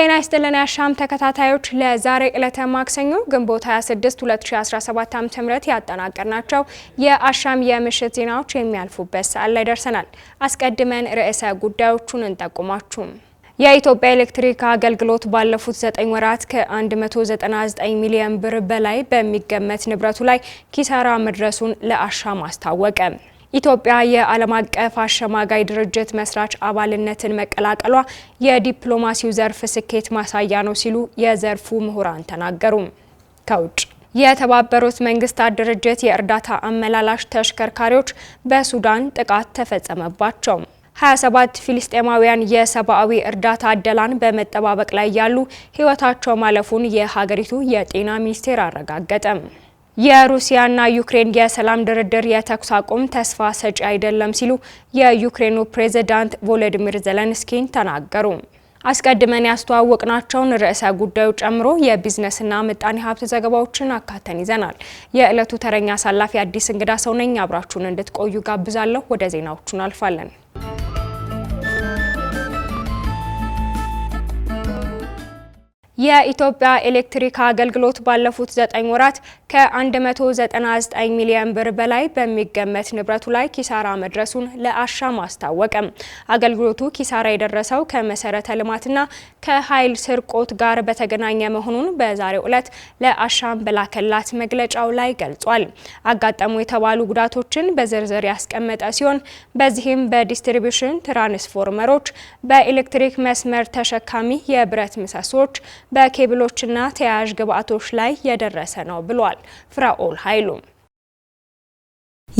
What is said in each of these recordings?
ጤና ይስጥልን አሻም ተከታታዮች ለዛሬ ዕለተ ማክሰኞ ግንቦት 26 2017 ዓ.ም ያጠናቀርናቸው የአሻም የምሽት ዜናዎች የሚያልፉበት ሰዓት ላይ ደርሰናል። አስቀድመን ርዕሰ ጉዳዮቹን እንጠቁማችሁም የኢትዮጵያ ኤሌክትሪክ አገልግሎት ባለፉት 9 ወራት ከ199 ሚሊዮን ብር በላይ በሚገመት ንብረቱ ላይ ኪሳራ መድረሱን ለአሻም አስታወቀ። ኢትዮጵያ የዓለም አቀፍ አሸማጋይ ድርጅት መስራች አባልነትን መቀላቀሏ የዲፕሎማሲው ዘርፍ ስኬት ማሳያ ነው ሲሉ የዘርፉ ምሁራን ተናገሩ። ከውጭ የተባበሩት መንግስታት ድርጅት የእርዳታ አመላላሽ ተሽከርካሪዎች በሱዳን ጥቃት ተፈጸመባቸው። 27 ፊልስጤማውያን የሰብአዊ እርዳታ አደላን በመጠባበቅ ላይ ያሉ ህይወታቸው ማለፉን የሀገሪቱ የጤና ሚኒስቴር አረጋገጠ። የሩሲያና ዩክሬን የሰላም ድርድር የተኩስ አቁም ተስፋ ሰጪ አይደለም ሲሉ የዩክሬኑ ፕሬዝዳንት ቮሎዲሚር ዘለንስኪን ተናገሩ። አስቀድመን ያስተዋወቅናቸውን ርዕሰ ጉዳዮች ጨምሮ የቢዝነስና ምጣኔ ሀብት ዘገባዎችን አካተን ይዘናል። የዕለቱ ተረኛ አሳላፊ አዲስ እንግዳ ሰው ነኝ። አብራችሁን እንድትቆዩ ጋብዛለሁ። ወደ ዜናዎቹን አልፋለን። የኢትዮጵያ ኤሌክትሪክ አገልግሎት ባለፉት ዘጠኝ ወራት ከ199 ሚሊዮን ብር በላይ በሚገመት ንብረቱ ላይ ኪሳራ መድረሱን ለአሻም አስታወቀም። አገልግሎቱ ኪሳራ የደረሰው ከመሰረተ ልማትና ከኃይል ስርቆት ጋር በተገናኘ መሆኑን በዛሬው ዕለት ለአሻም በላከላት መግለጫው ላይ ገልጿል። አጋጠሙ የተባሉ ጉዳቶችን በዝርዝር ያስቀመጠ ሲሆን በዚህም በዲስትሪቢሽን ትራንስፎርመሮች፣ በኤሌክትሪክ መስመር ተሸካሚ የብረት ምሰሶች በኬብሎችና ተያያዥ ግብዓቶች ላይ የደረሰ ነው ብሏል። ፍራኦል ኃይሉም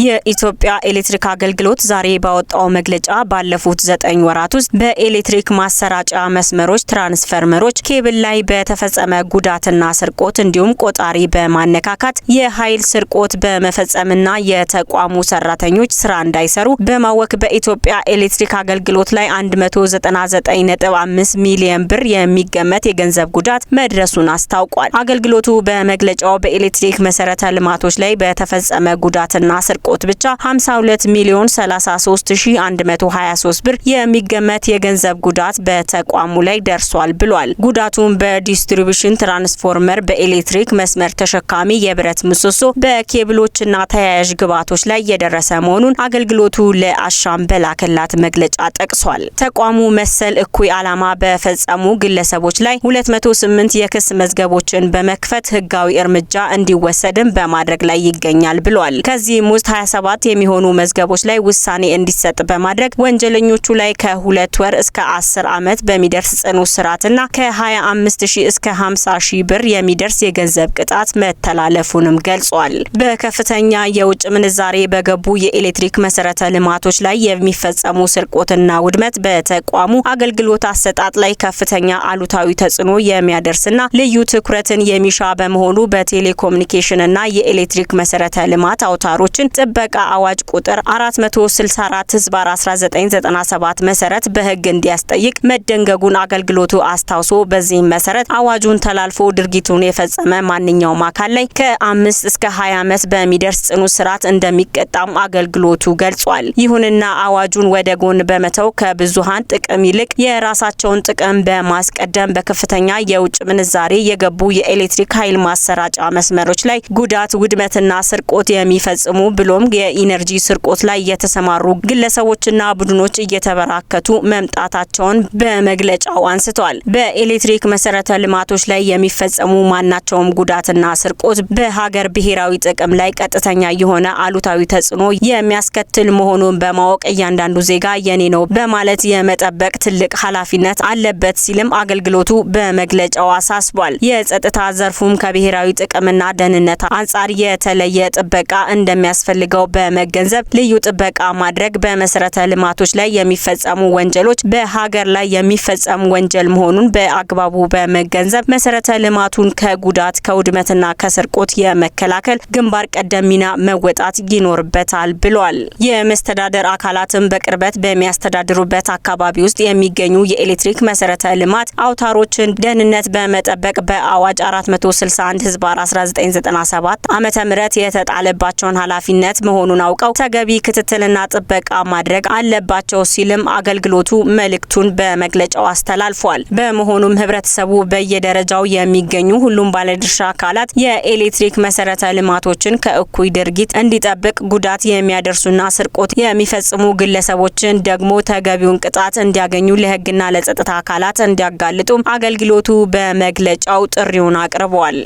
የኢትዮጵያ ኤሌክትሪክ አገልግሎት ዛሬ ባወጣው መግለጫ ባለፉት ዘጠኝ ወራት ውስጥ በኤሌክትሪክ ማሰራጫ መስመሮች፣ ትራንስፈርመሮች፣ ኬብል ላይ በተፈጸመ ጉዳትና ስርቆት እንዲሁም ቆጣሪ በማነካካት የኃይል ስርቆት በመፈጸምና የተቋሙ ሰራተኞች ስራ እንዳይሰሩ በማወክ በኢትዮጵያ ኤሌክትሪክ አገልግሎት ላይ 199.5 ሚሊዮን ብር የሚገመት የገንዘብ ጉዳት መድረሱን አስታውቋል። አገልግሎቱ በመግለጫው በኤሌክትሪክ መሰረተ ልማቶች ላይ በተፈጸመ ጉዳትና አርቆት ብቻ 52 ሚሊዮን 33123 ብር የሚገመት የገንዘብ ጉዳት በተቋሙ ላይ ደርሷል ብሏል። ጉዳቱን በዲስትሪቢሽን ትራንስፎርመር፣ በኤሌክትሪክ መስመር ተሸካሚ የብረት ምሰሶ፣ በኬብሎችና ተያያዥ ግብዓቶች ላይ የደረሰ መሆኑን አገልግሎቱ ለአሻም በላከላት መግለጫ ጠቅሷል። ተቋሙ መሰል እኩይ ዓላማ በፈጸሙ ግለሰቦች ላይ 208 የክስ መዝገቦችን በመክፈት ህጋዊ እርምጃ እንዲወሰድም በማድረግ ላይ ይገኛል ብሏል። ከዚህም ውስጥ 27 የሚሆኑ መዝገቦች ላይ ውሳኔ እንዲሰጥ በማድረግ ወንጀለኞቹ ላይ ከሁለት ወር እስከ 10 ዓመት በሚደርስ ጽኑ እስራትና ከ25 ሺህ እስከ 50 ሺህ ብር የሚደርስ የገንዘብ ቅጣት መተላለፉንም ገልጿል። በከፍተኛ የውጭ ምንዛሬ በገቡ የኤሌክትሪክ መሰረተ ልማቶች ላይ የሚፈጸሙ ስርቆትና ውድመት በተቋሙ አገልግሎት አሰጣጥ ላይ ከፍተኛ አሉታዊ ተጽዕኖ የሚያደርስና ልዩ ትኩረትን የሚሻ በመሆኑ በቴሌኮሙኒኬሽንና የኤሌክትሪክ መሰረተ ልማት አውታሮችን ጥበቃ አዋጅ ቁጥር 464 ህዝብ 1997 መሰረት በህግ እንዲያስጠይቅ መደንገጉን አገልግሎቱ አስታውሶ በዚህም መሰረት አዋጁን ተላልፎ ድርጊቱን የፈጸመ ማንኛውም አካል ላይ ከአምስት እስከ 20 ዓመት በሚደርስ ጽኑ ስርዓት እንደሚቀጣም አገልግሎቱ ገልጿል። ይሁንና አዋጁን ወደ ጎን በመተው ከብዙሀን ጥቅም ይልቅ የራሳቸውን ጥቅም በማስቀደም በከፍተኛ የውጭ ምንዛሬ የገቡ የኤሌክትሪክ ኃይል ማሰራጫ መስመሮች ላይ ጉዳት፣ ውድመትና ስርቆት የሚፈጽሙ ብሎ ብሎም የኢነርጂ ስርቆት ላይ የተሰማሩ ግለሰቦችና ቡድኖች እየተበራከቱ መምጣታቸውን በመግለጫው አንስቷል። በኤሌክትሪክ መሰረተ ልማቶች ላይ የሚፈጸሙ ማናቸውም ጉዳትና ስርቆት በሀገር ብሔራዊ ጥቅም ላይ ቀጥተኛ የሆነ አሉታዊ ተጽዕኖ የሚያስከትል መሆኑን በማወቅ እያንዳንዱ ዜጋ የኔ ነው በማለት የመጠበቅ ትልቅ ኃላፊነት አለበት ሲልም አገልግሎቱ በመግለጫው አሳስቧል። የጸጥታ ዘርፉም ከብሔራዊ ጥቅምና ደህንነት አንጻር የተለየ ጥበቃ እንደሚያስፈልግ እንደሚያስፈልገው በመገንዘብ ልዩ ጥበቃ ማድረግ በመሰረተ ልማቶች ላይ የሚፈጸሙ ወንጀሎች በሀገር ላይ የሚፈጸም ወንጀል መሆኑን በአግባቡ በመገንዘብ መሰረተ ልማቱን ከጉዳት ከውድመትና ከስርቆት የመከላከል ግንባር ቀደም ሚና መወጣት ይኖርበታል ብሏል። የመስተዳደር አካላትም በቅርበት በሚያስተዳድሩበት አካባቢ ውስጥ የሚገኙ የኤሌክትሪክ መሰረተ ልማት አውታሮችን ደህንነት በመጠበቅ በአዋጅ 461 ህዝብ 1997 ዓ ም የተጣለባቸውን ኃላፊነት ደህንነት መሆኑን አውቀው ተገቢ ክትትልና ጥበቃ ማድረግ አለባቸው ሲልም አገልግሎቱ መልእክቱን በመግለጫው አስተላልፏል። በመሆኑም ህብረተሰቡ በየደረጃው የሚገኙ ሁሉም ባለድርሻ አካላት የኤሌክትሪክ መሰረተ ልማቶችን ከእኩይ ድርጊት እንዲጠብቅ፣ ጉዳት የሚያደርሱና ስርቆት የሚፈጽሙ ግለሰቦችን ደግሞ ተገቢውን ቅጣት እንዲያገኙ ለህግና ለጸጥታ አካላት እንዲያጋልጡም አገልግሎቱ በመግለጫው ጥሪውን አቅርቧል።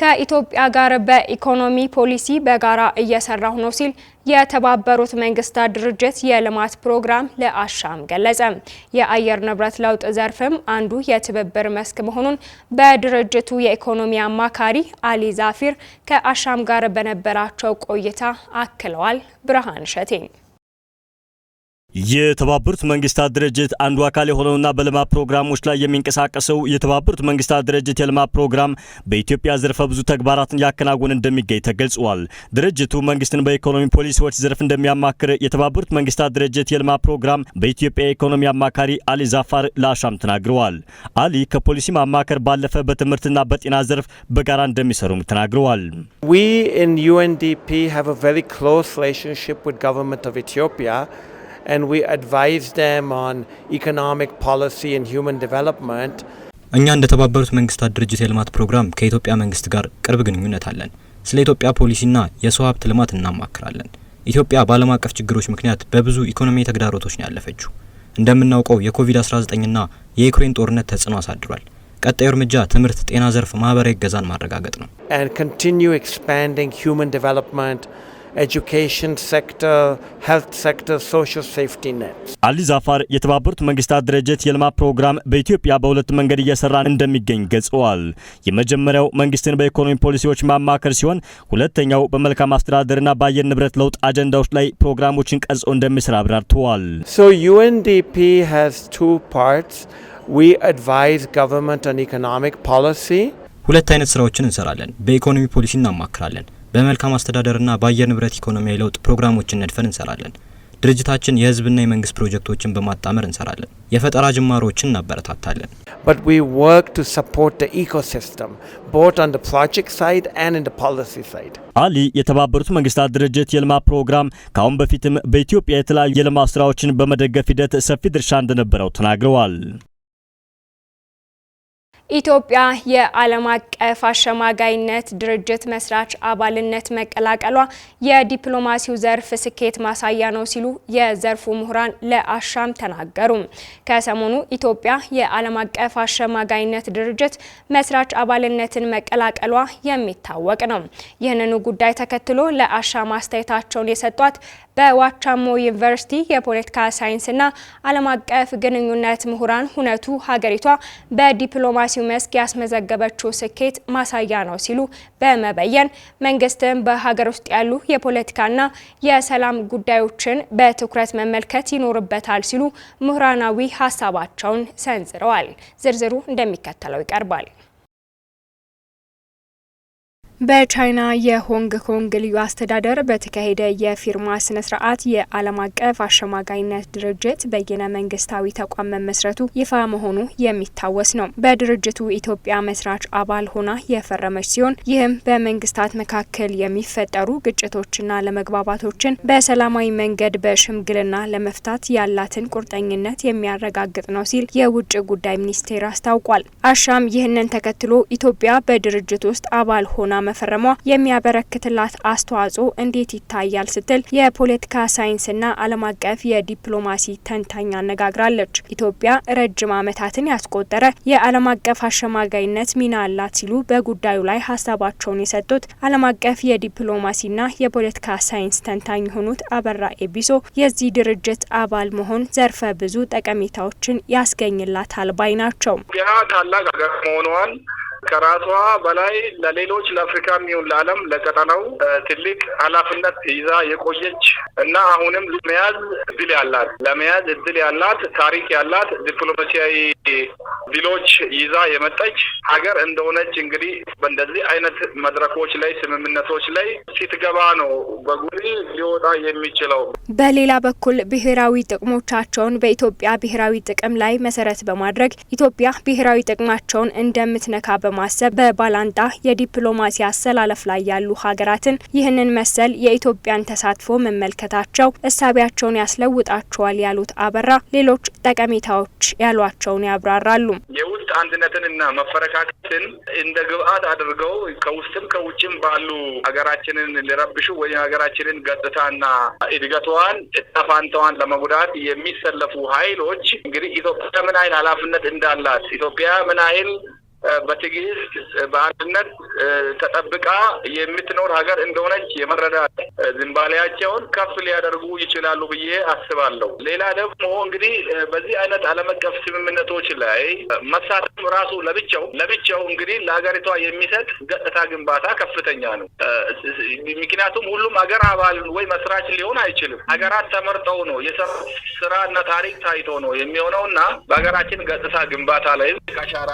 ከኢትዮጵያ ጋር በኢኮኖሚ ፖሊሲ በጋራ እየሰራሁ ነው ሲል የተባበሩት መንግስታት ድርጅት የልማት ፕሮግራም ለአሻም ገለጸ። የአየር ንብረት ለውጥ ዘርፍም አንዱ የትብብር መስክ መሆኑን በድርጅቱ የኢኮኖሚ አማካሪ አሊ ዛፊር ከአሻም ጋር በነበራቸው ቆይታ አክለዋል። ብርሃን ሸቴ የተባበሩት መንግስታት ድርጅት አንዱ አካል የሆነውና በልማት ፕሮግራሞች ላይ የሚንቀሳቀሰው የተባበሩት መንግስታት ድርጅት የልማት ፕሮግራም በኢትዮጵያ ዘርፈ ብዙ ተግባራትን ያከናውን እንደሚገኝ ተገልጿል። ድርጅቱ መንግስትን በኢኮኖሚ ፖሊሲዎች ዘርፍ እንደሚያማክር የተባበሩት መንግስታት ድርጅት የልማት ፕሮግራም በኢትዮጵያ የኢኮኖሚ አማካሪ አሊ ዛፋር ለአሻም ተናግረዋል። አሊ ከፖሊሲ ማማከር ባለፈ በትምህርትና በጤና ዘርፍ በጋራ እንደሚሰሩም ተናግረዋል። We in UNDP have a very close relationship with government of Ethiopia. and we advise them on economic policy and human development. እኛ እንደተባበሩት መንግስታት ድርጅት የልማት ፕሮግራም ከኢትዮጵያ መንግስት ጋር ቅርብ ግንኙነት አለን። ስለ ኢትዮጵያ ፖሊሲና የሰው ሀብት ልማት እናማክራለን። ኢትዮጵያ በዓለም አቀፍ ችግሮች ምክንያት በብዙ ኢኮኖሚ ተግዳሮቶች ነው ያለፈችው። እንደምናውቀው የኮቪድ-19ና የዩክሬን ጦርነት ተጽዕኖ አሳድሯል። ቀጣዩ እርምጃ ትምህርት፣ ጤና ዘርፍ ማህበራዊ እገዛን ማረጋገጥ ነው። ኤጁኬሽን ሴክተር፣ ሄልት ሴክተር፣ ሶሻል ሴፍቲ ኔት። አሊ ዛፋር የተባበሩት መንግስታት ድርጅት የልማት ፕሮግራም በኢትዮጵያ በሁለት መንገድ እየሰራ እንደሚገኝ ገልጸዋል። የመጀመሪያው መንግስትን በኢኮኖሚ ፖሊሲዎች ማማከር ሲሆን ሁለተኛው በመልካም አስተዳደርና በአየር ንብረት ለውጥ አጀንዳዎች ላይ ፕሮግራሞችን ቀርጾ እንደሚሰራ አብራርተዋል። ዩኤንዲፒ ሃዝ ቱ ፓርትስ ዊ አድቫይዝ ገቨርንመንት ኦን ኢኮኖሚክ ፖሊሲ። ሁለት አይነት ስራዎችን እንሰራለን። በኢኮኖሚ ፖሊሲ እናማክራለን በመልካም አስተዳደርና በአየር ንብረት ኢኮኖሚያዊ ለውጥ ፕሮግራሞችን ነድፈን እንሰራለን። ድርጅታችን የህዝብና የመንግስት ፕሮጀክቶችን በማጣመር እንሰራለን። የፈጠራ ጅማሮችን እናበረታታለን። but we work to support the ecosystem both on the project side and in the policy side አሊ የተባበሩት መንግስታት ድርጅት የልማት ፕሮግራም ከአሁን በፊትም በኢትዮጵያ የተለያዩ የልማት ስራዎችን በመደገፍ ሂደት ሰፊ ድርሻ እንደነበረው ተናግረዋል። ኢትዮጵያ የዓለም አቀፍ አሸማጋይነት ድርጅት መስራች አባልነት መቀላቀሏ የዲፕሎማሲው ዘርፍ ስኬት ማሳያ ነው ሲሉ የዘርፉ ምሁራን ለአሻም ተናገሩ። ከሰሞኑ ኢትዮጵያ የዓለም አቀፍ አሸማጋይነት ድርጅት መስራች አባልነትን መቀላቀሏ የሚታወቅ ነው። ይህንኑ ጉዳይ ተከትሎ ለአሻም አስተያየታቸውን የሰጧት በዋቻሞ ዩኒቨርሲቲ የፖለቲካ ሳይንስና ዓለም አቀፍ ግንኙነት ምሁራን ሁነቱ ሀገሪቷ በዲፕሎማሲ በዲፕሎማሲው መስክ ያስመዘገበችው ስኬት ማሳያ ነው ሲሉ በመበየን መንግስትም በሀገር ውስጥ ያሉ የፖለቲካና የሰላም ጉዳዮችን በትኩረት መመልከት ይኖርበታል ሲሉ ምሁራናዊ ሀሳባቸውን ሰንዝረዋል። ዝርዝሩ እንደሚከተለው ይቀርባል። በቻይና የሆንግ ኮንግ ልዩ አስተዳደር በተካሄደ የፊርማ ስነ ስርዓት የዓለም አቀፍ አሸማጋይነት ድርጅት በይነ መንግስታዊ ተቋም መመስረቱ ይፋ መሆኑ የሚታወስ ነው። በድርጅቱ ኢትዮጵያ መስራች አባል ሆና የፈረመች ሲሆን ይህም በመንግስታት መካከል የሚፈጠሩ ግጭቶችና ለመግባባቶችን በሰላማዊ መንገድ በሽምግልና ለመፍታት ያላትን ቁርጠኝነት የሚያረጋግጥ ነው ሲል የውጭ ጉዳይ ሚኒስቴር አስታውቋል። አሻም ይህንን ተከትሎ ኢትዮጵያ በድርጅት ውስጥ አባል ሆና መፈረሟ የሚያበረክትላት አስተዋጽኦ እንዴት ይታያል ስትል የፖለቲካ ሳይንስና ዓለም አቀፍ የዲፕሎማሲ ተንታኝ አነጋግራለች። ኢትዮጵያ ረጅም ዓመታትን ያስቆጠረ የዓለም አቀፍ አሸማጋይነት ሚና አላት ሲሉ በጉዳዩ ላይ ሀሳባቸውን የሰጡት ዓለም አቀፍ የዲፕሎማሲና የፖለቲካ ሳይንስ ተንታኝ የሆኑት አበራ ኤቢሶ የዚህ ድርጅት አባል መሆን ዘርፈ ብዙ ጠቀሜታዎችን ያስገኝላታል ባይ ናቸው። ታላቅ ሀገር መሆኗን ከራሷ በላይ ለሌሎች ለአፍሪካ የሚሆን ለዓለም ለቀጠናው ትልቅ ኃላፊነት ይዛ የቆየች እና አሁንም ለመያዝ እድል ያላት ለመያዝ እድል ያላት ታሪክ ያላት ዲፕሎማሲያዊ ድሎች ይዛ የመጣች ሀገር እንደሆነች እንግዲህ በእንደዚህ አይነት መድረኮች ላይ ስምምነቶች ላይ ሲትገባ ነው በጉሪ ሊወጣ የሚችለው። በሌላ በኩል ብሔራዊ ጥቅሞቻቸውን በኢትዮጵያ ብሔራዊ ጥቅም ላይ መሰረት በማድረግ ኢትዮጵያ ብሔራዊ ጥቅማቸውን እንደምትነካ በማሰብ በባላንጣ የዲፕሎማሲ አሰላለፍ ላይ ያሉ ሀገራትን ይህንን መሰል የኢትዮጵያን ተሳትፎ መመልከታቸው እሳቢያቸውን ያስለውጣቸዋል ያሉት አበራ ሌሎች ጠቀሜታዎች ያሏቸውን ያብራራሉ። የውስጥ አንድነትንና መፈረካከትን እንደ ግብአት አድርገው ከውስጥም ከውጭም ባሉ ሀገራችንን ሊረብሹ ወይም ሀገራችንን ገጽታና እድገቷን ጠፋንተዋን ለመጉዳት የሚሰለፉ ኃይሎች እንግዲህ ኢትዮጵያ ምን ያህል ኃላፊነት እንዳላት ኢትዮጵያ ምን ያህል በትዕግስት በአንድነት ተጠብቃ የምትኖር ሀገር እንደሆነች የመረዳት ዝንባሌያቸውን ከፍ ሊያደርጉ ይችላሉ ብዬ አስባለሁ። ሌላ ደግሞ እንግዲህ በዚህ አይነት ዓለም አቀፍ ስምምነቶች ላይ መሳተፍ ራሱ ለብቻው ለብቻው እንግዲህ ለሀገሪቷ የሚሰጥ ገጽታ ግንባታ ከፍተኛ ነው። ምክንያቱም ሁሉም ሀገር አባል ወይ መስራች ሊሆን አይችልም። ሀገራት ተመርጠው ነው የሰሩት ስራና ታሪክ ታይቶ ነው የሚሆነውና በሀገራችን ገጽታ ግንባታ ላይም አሻራ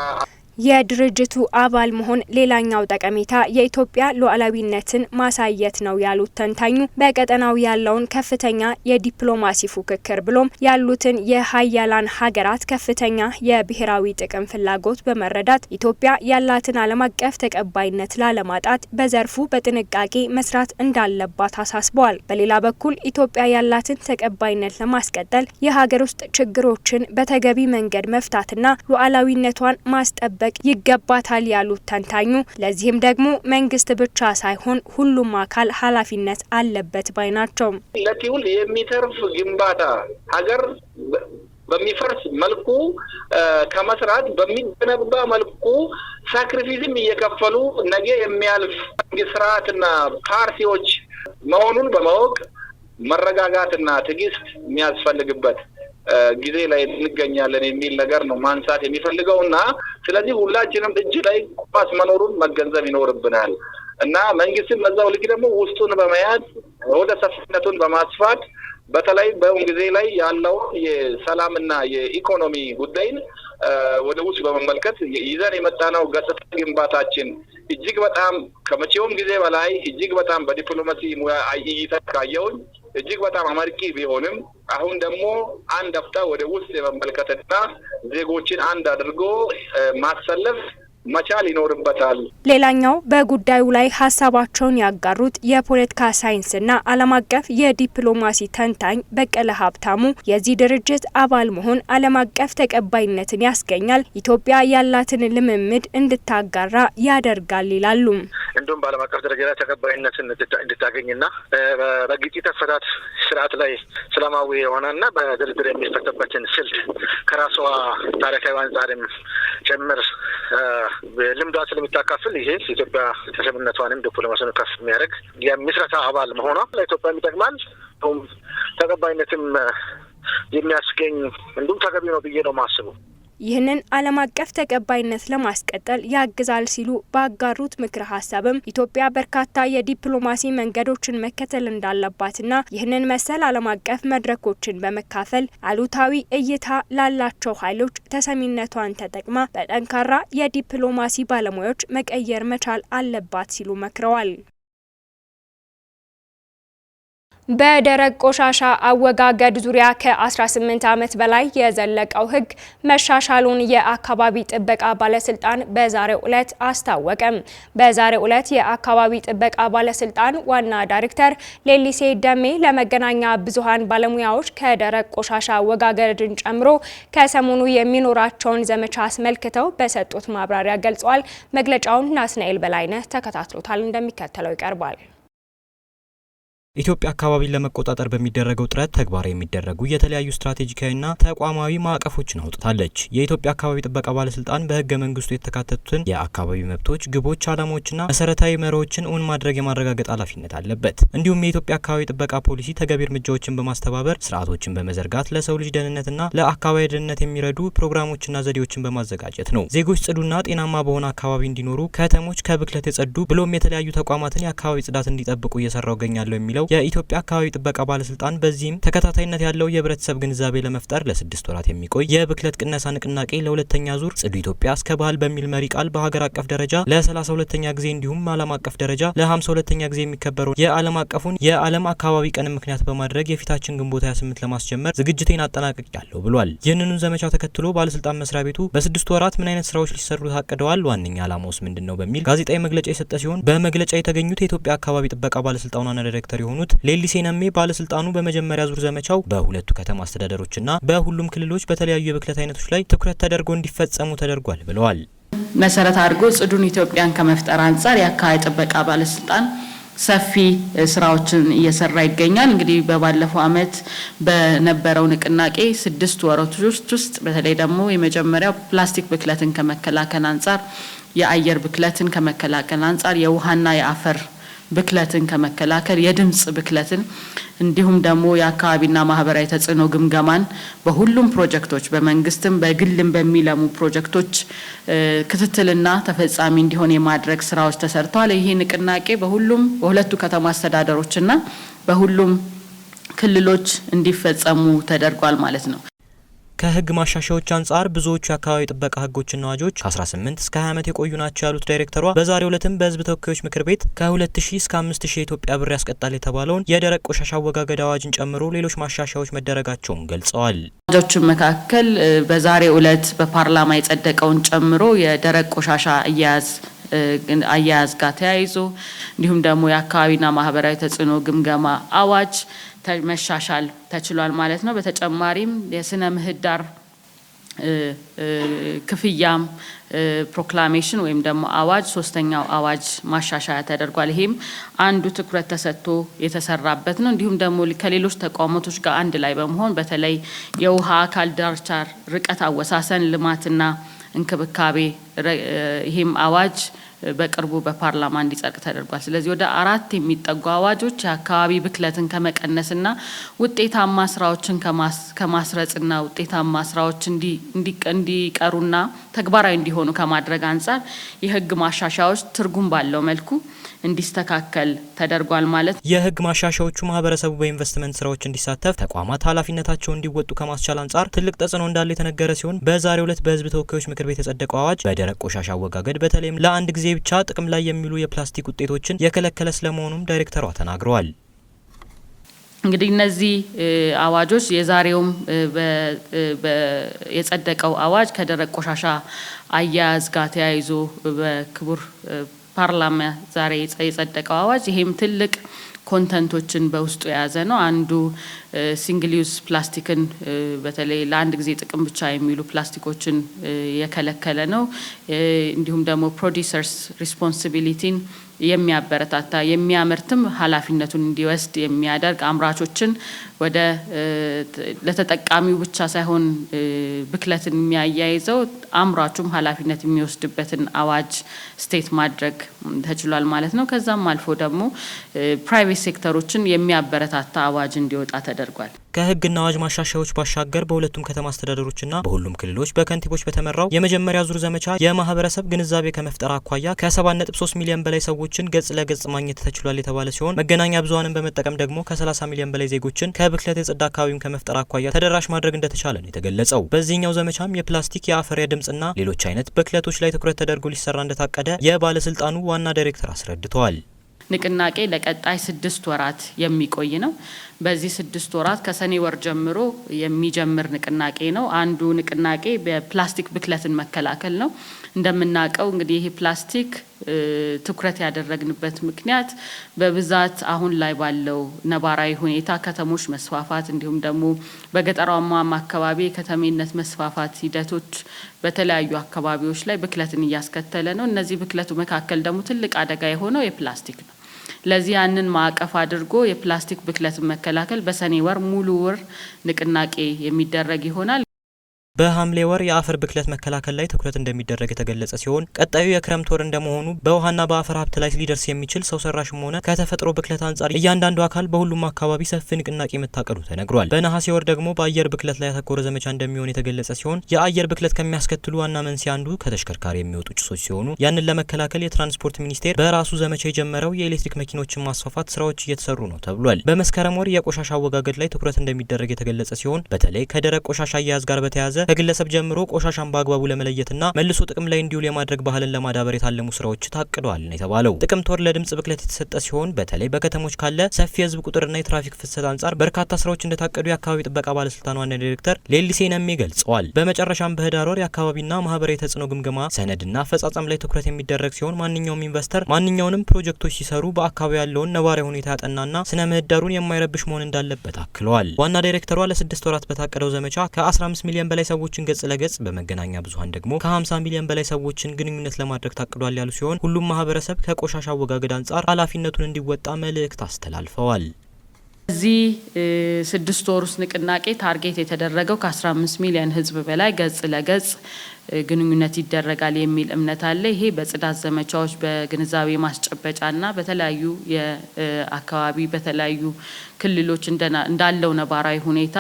የድርጅቱ አባል መሆን ሌላኛው ጠቀሜታ የኢትዮጵያ ሉዓላዊነትን ማሳየት ነው ያሉት ተንታኙ በቀጠናው ያለውን ከፍተኛ የዲፕሎማሲ ፉክክር ብሎም ያሉትን የሀያላን ሀገራት ከፍተኛ የብሔራዊ ጥቅም ፍላጎት በመረዳት ኢትዮጵያ ያላትን ዓለም አቀፍ ተቀባይነት ላለማጣት በዘርፉ በጥንቃቄ መስራት እንዳለባት አሳስበዋል። በሌላ በኩል ኢትዮጵያ ያላትን ተቀባይነት ለማስቀጠል የሀገር ውስጥ ችግሮችን በተገቢ መንገድ መፍታትና ሉዓላዊነቷን ማስጠበቅ መጠበቅ ይገባታል ያሉት ተንታኙ ለዚህም ደግሞ መንግስት ብቻ ሳይሆን ሁሉም አካል ኃላፊነት አለበት ባይ ናቸው። ለቲውል የሚተርፍ ግንባታ ሀገር በሚፈርስ መልኩ ከመስራት በሚገነባ መልኩ ሳክሪፊዝም እየከፈሉ ነገ የሚያልፍ ስርዓትና ፓርቲዎች መሆኑን በማወቅ መረጋጋትና ትዕግስት የሚያስፈልግበት ጊዜ ላይ እንገኛለን የሚል ነገር ነው ማንሳት የሚፈልገው እና ስለዚህ ሁላችንም እጅ ላይ ኳስ መኖሩን መገንዘብ ይኖርብናል እና መንግስትም በዛው ልክ ደግሞ ውስጡን በመያዝ ወደ ሰፊነቱን በማስፋት በተለይ በሁን ጊዜ ላይ ያለውን የሰላምና የኢኮኖሚ ጉዳይን ወደ ውስጥ በመመልከት ይዘን የመጣነው ገጽታ ግንባታችን እጅግ በጣም ከመቼውም ጊዜ በላይ እጅግ በጣም በዲፕሎማሲ ሙያ እይታ ካየውኝ እጅግ በጣም አመርቂ ቢሆንም አሁን ደግሞ አንድ አፍታ ወደ ውስጥ የመመልከትና ዜጎችን አንድ አድርጎ ማሰለፍ መቻል ይኖርበታል። ሌላኛው በጉዳዩ ላይ ሀሳባቸውን ያጋሩት የፖለቲካ ሳይንስና ዓለም አቀፍ የዲፕሎማሲ ተንታኝ በቀለ ሀብታሙ የዚህ ድርጅት አባል መሆን ዓለም አቀፍ ተቀባይነትን ያስገኛል፣ ኢትዮጵያ ያላትን ልምምድ እንድታጋራ ያደርጋል ይላሉ። እንዲሁም በዓለም አቀፍ ደረጃ ላይ ተቀባይነትን እንድታገኝና በግጭት አፈታት ስርዓት ላይ ሰላማዊ የሆነና በድርድር የሚፈተበትን ስልት ከራሷ ታሪካዊ አንጻርም ጭምር ልምዷ ስለሚታካፍል ይሄ ኢትዮጵያ ተሰብነቷንም ዲፕሎማሲን ከፍ የሚያደርግ የምስረታ አባል መሆኗ ለኢትዮጵያ ይጠቅማል፣ ተቀባይነትም የሚያስገኝ እንዲሁም ተገቢ ነው ብዬ ነው የማስበው። ይህንን ዓለም አቀፍ ተቀባይነት ለማስቀጠል ያግዛል ሲሉ ባጋሩት ምክረ ሀሳብም ኢትዮጵያ በርካታ የዲፕሎማሲ መንገዶችን መከተል እንዳለባትና ይህንን መሰል ዓለም አቀፍ መድረኮችን በመካፈል አሉታዊ እይታ ላላቸው ኃይሎች ተሰሚነቷን ተጠቅማ በጠንካራ የዲፕሎማሲ ባለሙያዎች መቀየር መቻል አለባት ሲሉ መክረዋል። በደረቅ ቆሻሻ አወጋገድ ዙሪያ ከ18 ዓመት በላይ የዘለቀው ሕግ መሻሻሉን የአካባቢ ጥበቃ ባለስልጣን በዛሬው ዕለት አስታወቀም። በዛሬው ዕለት የአካባቢ ጥበቃ ባለስልጣን ዋና ዳይሬክተር ሌሊሴ ደሜ ለመገናኛ ብዙሃን ባለሙያዎች ከደረቅ ቆሻሻ አወጋገድን ጨምሮ ከሰሞኑ የሚኖራቸውን ዘመቻ አስመልክተው በሰጡት ማብራሪያ ገልጸዋል። መግለጫውን ናስናኤል በላይነህ ተከታትሎታል፣ እንደሚከተለው ይቀርባል። ኢትዮጵያ አካባቢን ለመቆጣጠር በሚደረገው ጥረት ተግባራዊ የሚደረጉ የተለያዩ ስትራቴጂካዊና ተቋማዊ ማዕቀፎችን አውጥታለች። የኢትዮጵያ አካባቢ ጥበቃ ባለስልጣን በህገ መንግስቱ የተካተቱትን የአካባቢ መብቶች፣ ግቦች፣ አላማዎችና መሰረታዊ መሪዎችን እውን ማድረግ የማረጋገጥ ኃላፊነት አለበት። እንዲሁም የኢትዮጵያ አካባቢ ጥበቃ ፖሊሲ ተገቢ እርምጃዎችን በማስተባበር ስርዓቶችን በመዘርጋት ለሰው ልጅ ደህንነትና ለአካባቢ ደህንነት የሚረዱ ፕሮግራሞችና ዘዴዎችን በማዘጋጀት ነው። ዜጎች ጽዱና ጤናማ በሆነ አካባቢ እንዲኖሩ ከተሞች ከብክለት የጸዱ ብሎም የተለያዩ ተቋማትን የአካባቢ ጽዳት እንዲጠብቁ እየሰራው እገኛለሁ የሚለው ያለው የኢትዮጵያ አካባቢ ጥበቃ ባለስልጣን በዚህም ተከታታይነት ያለው የህብረተሰብ ግንዛቤ ለመፍጠር ለስድስት ወራት የሚቆይ የብክለት ቅነሳ ንቅናቄ ለሁለተኛ ዙር ጽዱ ኢትዮጵያ እስከ ባህል በሚል መሪ ቃል በሀገር አቀፍ ደረጃ ለሰላሳ ሁለተኛ ጊዜ እንዲሁም ዓለም አቀፍ ደረጃ ለሀምሳ ሁለተኛ ጊዜ የሚከበረውን የዓለም አቀፉን የዓለም አካባቢ ቀን ምክንያት በማድረግ የፊታችን ግንቦት 28 ለማስጀመር ዝግጅቴን አጠናቀቅ ያለው ብሏል። ይህንኑን ዘመቻ ተከትሎ ባለስልጣን መስሪያ ቤቱ በስድስት ወራት ምን አይነት ስራዎች ሊሰሩ ታቅደዋል፣ ዋነኛ ዓላማውስ ምንድን ነው በሚል ጋዜጣዊ መግለጫ የሰጠ ሲሆን በመግለጫ የተገኙት የኢትዮጵያ አካባቢ ጥበቃ ባለስልጣን ዋና ዳይሬክተር የሆኑ የሆኑት ሌሊሴነሜ ባለስልጣኑ በመጀመሪያ ዙር ዘመቻው በሁለቱ ከተማ አስተዳደሮችና በሁሉም ክልሎች በተለያዩ የብክለት አይነቶች ላይ ትኩረት ተደርጎ እንዲፈጸሙ ተደርጓል ብለዋል። መሰረት አድርጎ ጽዱን ኢትዮጵያን ከመፍጠር አንጻር የአካባቢ ጥበቃ ባለስልጣን ሰፊ ስራዎችን እየሰራ ይገኛል። እንግዲህ በባለፈው አመት በነበረው ንቅናቄ ስድስት ወረቶች ውስጥ በተለይ ደግሞ የመጀመሪያው ፕላስቲክ ብክለትን ከመከላከል አንጻር፣ የአየር ብክለትን ከመከላከል አንጻር፣ የውሃና የአፈር ብክለትን ከመከላከል የድምፅ ብክለትን እንዲሁም ደግሞ የአካባቢና ማህበራዊ ተጽዕኖ ግምገማን በሁሉም ፕሮጀክቶች በመንግስትም በግልም በሚለሙ ፕሮጀክቶች ክትትልና ተፈጻሚ እንዲሆን የማድረግ ስራዎች ተሰርተዋል። ይህ ንቅናቄ በሁሉም በሁለቱ ከተማ አስተዳደሮችና በሁሉም ክልሎች እንዲፈጸሙ ተደርጓል ማለት ነው። ከህግ ማሻሻዎች አንጻር ብዙዎቹ የአካባቢ ጥበቃ ህጎችና አዋጆች ከ18 እስከ 20 ዓመት የቆዩ ናቸው ያሉት ዳይሬክተሯ በዛሬው ዕለትም በህዝብ ተወካዮች ምክር ቤት ከ2000 እስከ 5000 የኢትዮጵያ ብር ያስቀጣል የተባለውን የደረቅ ቆሻሻ አወጋገድ አዋጅን ጨምሮ ሌሎች ማሻሻዎች መደረጋቸውን ገልጸዋል። አዋጆቹን መካከል በዛሬው ዕለት በፓርላማ የጸደቀውን ጨምሮ የደረቅ ቆሻሻ አያያዝ አያያዝ ጋር ተያይዞ እንዲሁም ደግሞ የአካባቢና ማህበራዊ ተጽዕኖ ግምገማ አዋጅ መሻሻል ተችሏል ማለት ነው። በተጨማሪም የስነ ምህዳር ክፍያም ፕሮክላሜሽን ወይም ደግሞ አዋጅ ሶስተኛው አዋጅ ማሻሻያ ተደርጓል። ይሄም አንዱ ትኩረት ተሰጥቶ የተሰራበት ነው። እንዲሁም ደግሞ ከሌሎች ተቋማቶች ጋር አንድ ላይ በመሆን በተለይ የውሃ አካል ዳርቻ ርቀት አወሳሰን ልማትና እንክብካቤ ይሄም አዋጅ በቅርቡ በፓርላማ እንዲጸድቅ ተደርጓል። ስለዚህ ወደ አራት የሚጠጉ አዋጆች የአካባቢ ብክለትን ከመቀነስና ውጤታማ ስራዎችን ከማስረጽና ውጤታማ ስራዎች እንዲቀሩና ተግባራዊ እንዲሆኑ ከማድረግ አንጻር የህግ ማሻሻያዎች ትርጉም ባለው መልኩ እንዲስተካከል ተደርጓል ማለት ነው። የህግ ማሻሻዎቹ ማህበረሰቡ በኢንቨስትመንት ስራዎች እንዲሳተፍ ተቋማት ኃላፊነታቸውን እንዲወጡ ከማስቻል አንጻር ትልቅ ተጽዕኖ እንዳለ የተነገረ ሲሆን በዛሬው ዕለት በህዝብ ተወካዮች ምክር ቤት የጸደቀው አዋጅ በደረቅ ቆሻሻ አወጋገድ በተለይም ለአንድ ጊዜ ብቻ ጥቅም ላይ የሚውሉ የፕላስቲክ ውጤቶችን የከለከለ ስለመሆኑም ዳይሬክተሯ ተናግረዋል። እንግዲህ እነዚህ አዋጆች የዛሬውም የጸደቀው አዋጅ ከደረቅ ቆሻሻ አያያዝ ጋር ተያይዞ በክቡር ፓርላማ ዛሬ የጸደቀው አዋጅ ይሄም ትልቅ ኮንተንቶችን በውስጡ የያዘ ነው። አንዱ ሲንግል ዩዝ ፕላስቲክን በተለይ ለአንድ ጊዜ ጥቅም ብቻ የሚሉ ፕላስቲኮችን የከለከለ ነው። እንዲሁም ደግሞ ፕሮዲሰርስ ሪስፖንሲቢሊቲን የሚያበረታታ የሚያመርትም ኃላፊነቱን እንዲወስድ የሚያደርግ አምራቾችን ወደ ለተጠቃሚው ብቻ ሳይሆን ብክለትን የሚያያይዘው አምራቹም ኃላፊነት የሚወስድበትን አዋጅ ስቴት ማድረግ ተችሏል ማለት ነው። ከዛም አልፎ ደግሞ ፕራይቬት ሴክተሮችን የሚያበረታታ አዋጅ እንዲወጣ ተደርጓል። ከህግና አዋጅ ማሻሻያዎች ባሻገር በሁለቱም ከተማ አስተዳደሮችና በሁሉም ክልሎች በከንቲቦች በተመራው የመጀመሪያ ዙር ዘመቻ የማህበረሰብ ግንዛቤ ከመፍጠር አኳያ ከ7.3 ሚሊዮን በላይ ሰዎችን ገጽ ለገጽ ማግኘት ተችሏል የተባለ ሲሆን መገናኛ ብዙሀንን በመጠቀም ደግሞ ከ30 ሚሊዮን በላይ ዜጎችን ከብክለት የጸዳ አካባቢም ከመፍጠር አኳያ ተደራሽ ማድረግ እንደተቻለ ነው የተገለጸው። በዚህኛው ዘመቻም የፕላስቲክ የአፈር የድምፅና ሌሎች አይነት ብክለቶች ላይ ትኩረት ተደርጎ ሊሰራ እንደታቀደ የባለስልጣኑ ዋና ዳይሬክተር አስረድተዋል። ንቅናቄ ለቀጣይ ስድስት ወራት የሚቆይ ነው። በዚህ ስድስት ወራት ከሰኔ ወር ጀምሮ የሚጀምር ንቅናቄ ነው። አንዱ ንቅናቄ በፕላስቲክ ብክለትን መከላከል ነው። እንደምናውቀው እንግዲህ ይሄ ፕላስቲክ ትኩረት ያደረግንበት ምክንያት በብዛት አሁን ላይ ባለው ነባራዊ ሁኔታ ከተሞች መስፋፋት እንዲሁም ደግሞ በገጠራማ አካባቢ የከተሜነት መስፋፋት ሂደቶች በተለያዩ አካባቢዎች ላይ ብክለትን እያስከተለ ነው። እነዚህ ብክለቱ መካከል ደግሞ ትልቅ አደጋ የሆነው የፕላስቲክ ነው። ለዚህ ያንን ማዕቀፍ አድርጎ የፕላስቲክ ብክለትን መከላከል በሰኔ ወር ሙሉ ወር ንቅናቄ የሚደረግ ይሆናል። በሐምሌ ወር የአፈር ብክለት መከላከል ላይ ትኩረት እንደሚደረግ የተገለጸ ሲሆን ቀጣዩ የክረምት ወር እንደመሆኑ በውሃና በአፈር ሀብት ላይ ሊደርስ የሚችል ሰው ሰራሽም ሆነ ከተፈጥሮ ብክለት አንጻር እያንዳንዱ አካል በሁሉም አካባቢ ሰፊ ንቅናቄ መታቀዱ ተነግሯል። በነሐሴ ወር ደግሞ በአየር ብክለት ላይ ያተኮረ ዘመቻ እንደሚሆን የተገለጸ ሲሆን የአየር ብክለት ከሚያስከትሉ ዋና መንስኤ አንዱ ከተሽከርካሪ የሚወጡ ጭሶች ሲሆኑ ያንን ለመከላከል የትራንስፖርት ሚኒስቴር በራሱ ዘመቻ የጀመረው የኤሌክትሪክ መኪኖችን ማስፋፋት ስራዎች እየተሰሩ ነው ተብሏል። በመስከረም ወር የቆሻሻ አወጋገድ ላይ ትኩረት እንደሚደረግ የተገለጸ ሲሆን በተለይ ከደረቅ ቆሻሻ አያያዝ ጋር በተያያዘ ከግለሰብ ጀምሮ ቆሻሻን በአግባቡ ለመለየትና መልሶ ጥቅም ላይ እንዲውል የማድረግ ባህልን ለማዳበር የታለሙ ስራዎች ታቅዷል ነው የተባለው። ጥቅምት ወር ለድምጽ ብክለት የተሰጠ ሲሆን በተለይ በከተሞች ካለ ሰፊ የህዝብ ቁጥርና የትራፊክ ፍሰት አንጻር በርካታ ስራዎች እንደታቀዱ የአካባቢ ጥበቃ ባለስልጣን ዋና ዲሬክተር ሌሊሴ ነሜ ገልጸዋል። በመጨረሻም በህዳር ወር የአካባቢና ማህበራዊ ተጽዕኖ ግምገማ ሰነድና አፈጻጸም ላይ ትኩረት የሚደረግ ሲሆን ማንኛውም ኢንቨስተር ማንኛውንም ፕሮጀክቶች ሲሰሩ በአካባቢ ያለውን ነባራዊ ሁኔታ ያጠናና ስነ ምህዳሩን የማይረብሽ መሆን እንዳለበት አክለዋል። ዋና ዳይሬክተሯ ለስድስት ወራት በታቀደው ዘመቻ ከ15 ሚሊዮን በላይ ሰዎችን ገጽ ለገጽ በመገናኛ ብዙኃን ደግሞ ከ50 ሚሊዮን በላይ ሰዎችን ግንኙነት ለማድረግ ታቅዷል ያሉ ሲሆን ሁሉም ማህበረሰብ ከቆሻሻ አወጋገድ አንጻር ኃላፊነቱን እንዲወጣ መልእክት አስተላልፈዋል። እዚህ ስድስት ወር ውስጥ ንቅናቄ ታርጌት የተደረገው ከ15 ሚሊዮን ህዝብ በላይ ገጽ ለገጽ ግንኙነት ይደረጋል የሚል እምነት አለ። ይሄ በጽዳት ዘመቻዎች፣ በግንዛቤ ማስጨበጫና በተለያዩ የአካባቢ በተለያዩ ክልሎች እንዳለው ነባራዊ ሁኔታ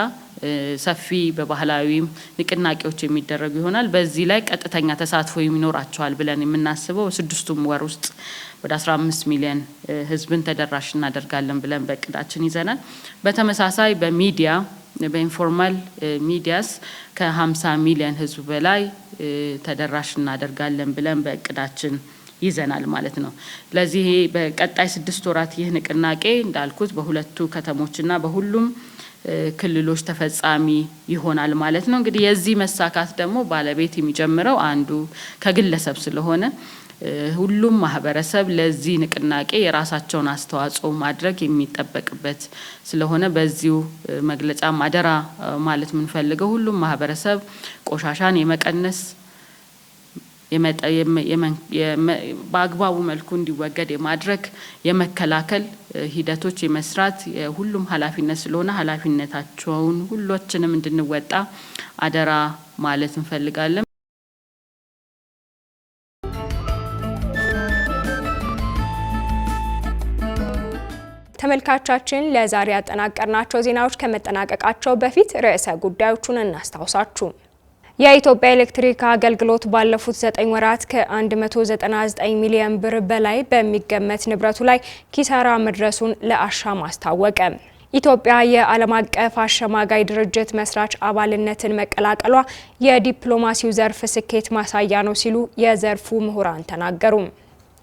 ሰፊ በባህላዊም ንቅናቄዎች የሚደረጉ ይሆናል። በዚህ ላይ ቀጥተኛ ተሳትፎ ይኖራቸዋል ብለን የምናስበው ስድስቱም ወር ውስጥ ወደ 15 ሚሊዮን ህዝብን ተደራሽ እናደርጋለን ብለን በእቅዳችን ይዘናል። በተመሳሳይ በሚዲያ በኢንፎርማል ሚዲያስ ከ50 ሚሊዮን ህዝብ በላይ ተደራሽ እናደርጋለን ብለን በእቅዳችን ይዘናል ማለት ነው። ለዚህ በቀጣይ ስድስት ወራት ይህ ንቅናቄ እንዳልኩት በሁለቱ ከተሞችና በሁሉም ክልሎች ተፈጻሚ ይሆናል ማለት ነው። እንግዲህ የዚህ መሳካት ደግሞ ባለቤት የሚጀምረው አንዱ ከግለሰብ ስለሆነ ሁሉም ማህበረሰብ ለዚህ ንቅናቄ የራሳቸውን አስተዋጽኦ ማድረግ የሚጠበቅበት ስለሆነ በዚሁ መግለጫ ማደራ ማለት የምንፈልገው ሁሉም ማህበረሰብ ቆሻሻን የመቀነስ በአግባቡ መልኩ እንዲወገድ የማድረግ የመከላከል ሂደቶች የመስራት የሁሉም ኃላፊነት ስለሆነ ኃላፊነታቸውን ሁላችንም እንድንወጣ አደራ ማለት እንፈልጋለን። ተመልካቻችን ለዛሬ ያጠናቀርናቸው ዜናዎች ከመጠናቀቃቸው በፊት ርዕሰ ጉዳዮቹን እናስታውሳችሁ። የኢትዮጵያ ኤሌክትሪክ አገልግሎት ባለፉት 9 ወራት ከ199 ሚሊዮን ብር በላይ በሚገመት ንብረቱ ላይ ኪሳራ መድረሱን ለአሻም አስታወቀ። ኢትዮጵያ የዓለም አቀፍ አሸማጋይ ድርጅት መስራች አባልነትን መቀላቀሏ የዲፕሎማሲው ዘርፍ ስኬት ማሳያ ነው ሲሉ የዘርፉ ምሁራን ተናገሩ።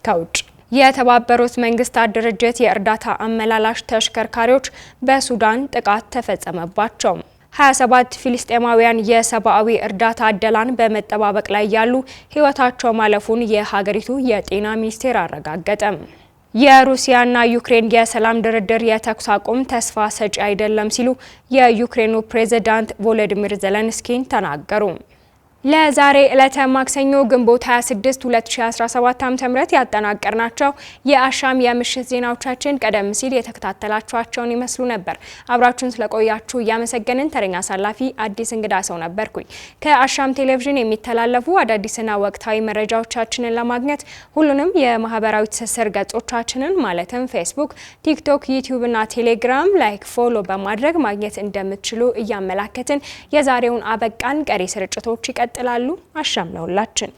ከውጭ የተባበሩት መንግስታት ድርጅት የእርዳታ አመላላሽ ተሽከርካሪዎች በሱዳን ጥቃት ተፈጸመባቸው። 27 ፊልስጤማውያን የሰብአዊ እርዳታ አደላን በመጠባበቅ ላይ ያሉ ህይወታቸው ማለፉን የሀገሪቱ የጤና ሚኒስቴር አረጋገጠም። የሩሲያና ዩክሬን የሰላም ድርድር የተኩስ አቁም ተስፋ ሰጪ አይደለም ሲሉ የዩክሬኑ ፕሬዝዳንት ቮሎዲሚር ዘለንስኪን ተናገሩ። ለዛሬ ዕለተ ማክሰኞ ግንቦት 26 2017 ዓ.ም ያጠናቀርናቸው የአሻም የምሽት ዜናዎቻችን ቀደም ሲል የተከታተላችኋቸውን ይመስሉ ነበር። አብራችሁን ስለቆያችሁ እያመሰገንን ተረኛ አሳላፊ አዲስ እንግዳ ሰው ነበርኩኝ። ከአሻም ቴሌቪዥን የሚተላለፉ አዳዲስና ወቅታዊ መረጃዎቻችንን ለማግኘት ሁሉንም የማህበራዊ ትስስር ገጾቻችንን ማለትም ፌስቡክ፣ ቲክቶክ፣ ዩቲዩብ እና ቴሌግራም ላይክ፣ ፎሎ በማድረግ ማግኘት እንደምትችሉ እያመላከትን የዛሬውን አበቃን። ቀሪ ስርጭቶች ይቀጥ ይቀጥላሉ። አሻምለውላችን